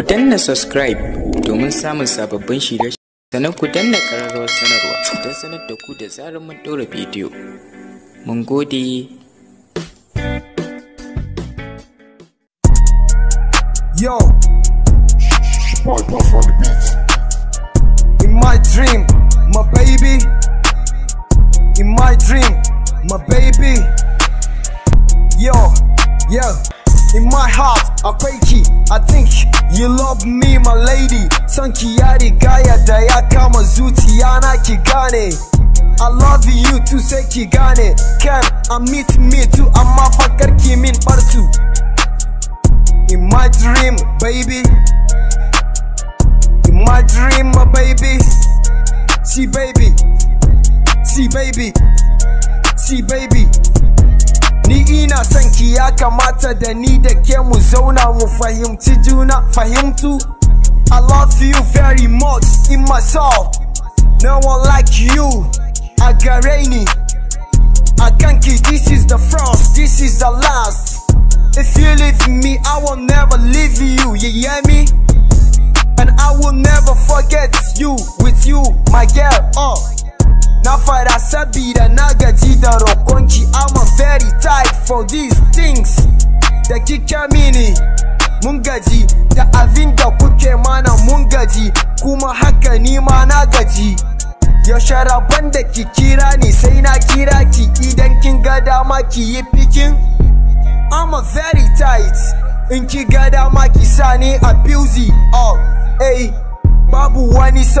Ku danna subscribe domin samun sababbin shirye sannan ku danna ƙararrawar sanarwa don sanar da ku da zarar mun ɗora bidiyo. Mun gode. in my heart I fake it I think you love me my lady San ya gaya ya ya kama zutiana kigane. I love you too sai ki Can I meet me too am fakar ki min bartu In my dream baby In my dream my baby See baby See baby See baby, See, baby kamata da ni da ke mu zauna mu fahimci juna fahimtu I love you very much in my soul No one like you I gare ni I can't keep this is the first this is the last If you leave me I will never leave you you hear me And I will never forget you with you my girl oh Na fara sabida na gaji da rokonki for these things da kika mini mun gaji da abin da kuke mana mun gaji kuma haka ni ma na gaji yaushe rabon da ki kira ni sai na kira ki idan kin ga dama ki yi fikin I'm a very tight in ki ga dama ki sani a busy all oh, hey babu wani sau